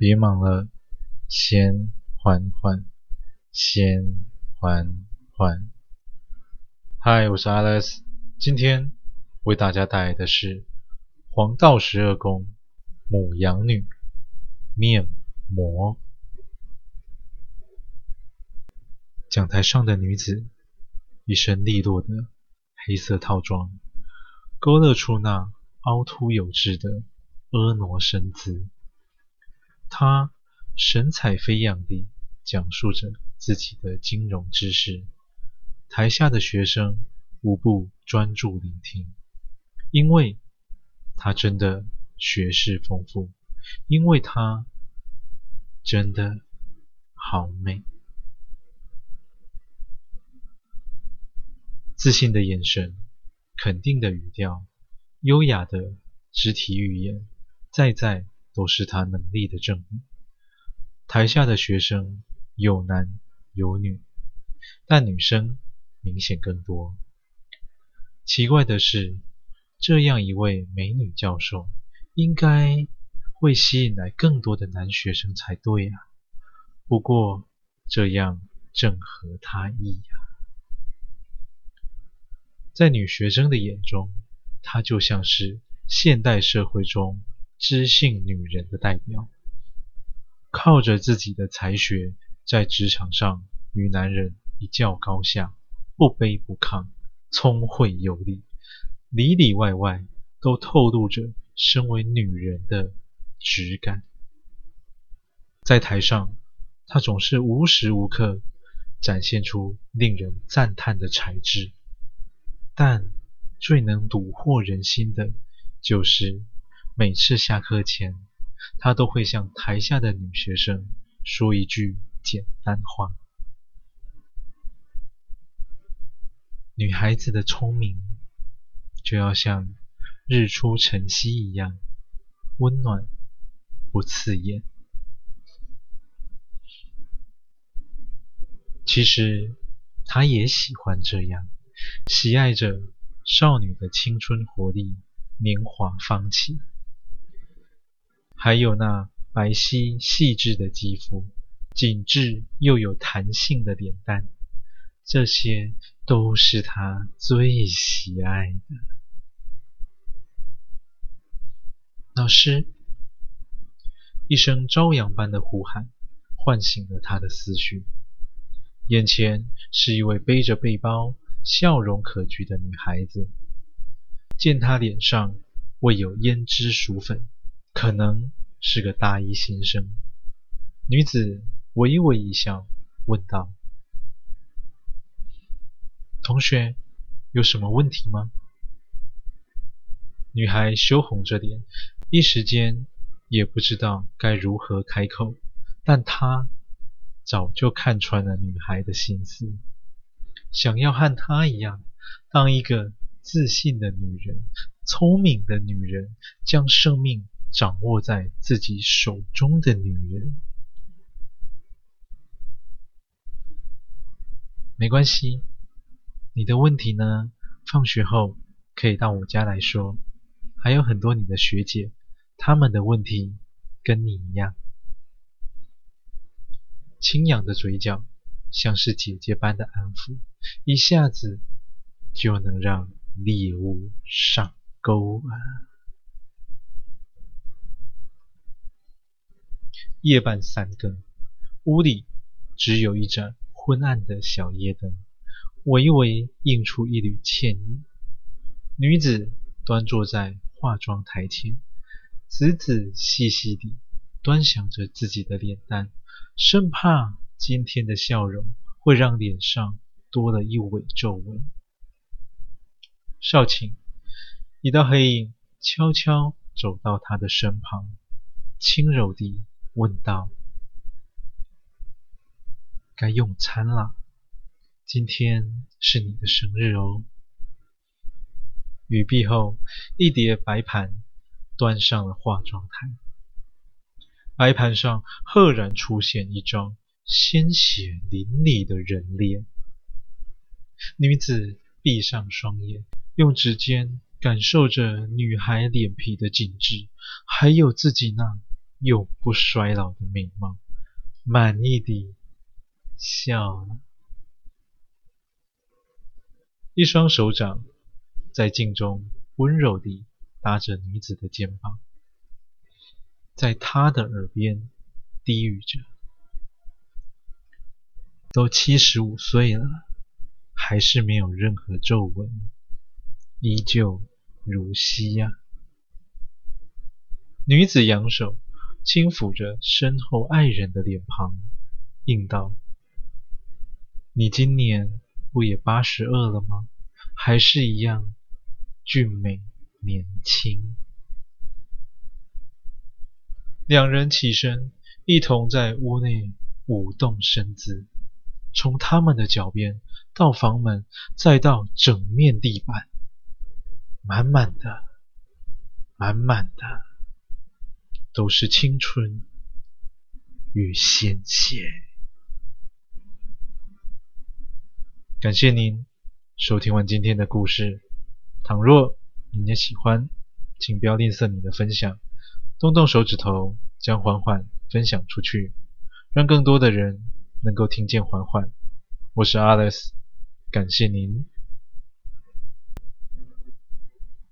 別忙了，先緩緩，先緩緩。嗨，我是 Alice。今天為大家帶來的是黃道十二宮牡羊女面膜。講台上的女子，一身利落的黑色套裝，勾勒出那凹凸有致的婀娜身姿。他神采飛揚地講述着自己的金融知識，台下的學生無不專注聆聽，因為他真的學識豐富，因為他真的好美。自信的眼神，肯定的語調，優雅的肢體語言，在在，都是他能力的證明。台下的學生有男有女，但女生明顯更多。奇怪的是，這樣一位美女教授，應該會吸引來更多的男學生才對啊。不過這樣正合他意啊。在女學生的眼中，她就像是現代社會中。知性女人的代表，靠着自己的才學，在職場上與男人一較高下，不卑不亢，聰慧有理，裡裡外外都透露着身為女人的質感。在台上，她總是無時無刻展現出令人讚嘆的才智，但最能虜獲人心的，就是，每次下課前，她都會向台下的女學生說一句簡單話：“女孩子的聰明就要像日出晨曦一樣溫暖，不刺眼。”其實，她也喜歡這樣，喜愛着少女的青春活力、年華方起。還有那白皙細緻的肌膚，緊緻又有彈性的臉蛋，這些都是他最喜愛的。老師，一聲朝陽般的呼喊，喚醒了他的思緒。眼前是一位背着背包、笑容可掬的女孩子。見她臉上未有胭脂俗粉。可能是個大一新生。女子微微一,一笑，問道：“同學，有什麼問題嗎？”女孩羞紅着臉，一時間也不知道該如何開口。但她早就看穿了女孩的心思，想要和她一樣，當一個自信的女人，聰明的女人，將生命。掌握在自己手中的女人，沒關係。你的問題呢，放學後可以到我家來說。還有很多你的學姐，她們的問題跟你一樣。輕揚的嘴角，像是姐姐般的安撫，一下子就能讓獵物上鈎啊。夜半三更，屋裡只有一盞昏暗的小夜燈，微微映出一縷倩影。女子端坐在化妝台前，仔仔細細地端詳着自己的臉蛋，生怕今天的笑容會讓臉上多了一尾皺紋。少頃，一道黑影悄悄走到她的身旁，輕柔地。問道：“該用餐了，今天是你的生日哦。”語畢後，一碟白盤端上了化妝台，白盤上赫然出現一張鮮血淋漓的人臉。女子閉上雙眼，用指尖感受着女孩臉皮的緊緻，還有自己那永不衰老的美貌，滿意地笑了。一雙手掌在鏡中溫柔地搭着女子的肩膀，在她的耳邊低語着：“都七十五歲了，還是沒有任何皺紋，依舊如昔呀。”女子揚手。輕撫着身後愛人的臉龐，應道：“你今年不也八十二了嗎？還是一樣俊美年輕。”兩人起身，一同在屋內舞動身姿，從他們的腳邊到房門，再到整面地板，滿滿的，滿滿的。都是青春與鮮血。感謝您收聽完今天的故事。倘若您也喜歡，請不要吝嗇您的分享，動動手指頭將環環分享出去，讓更多的人能夠聽見環環。我是 Alice，感謝您。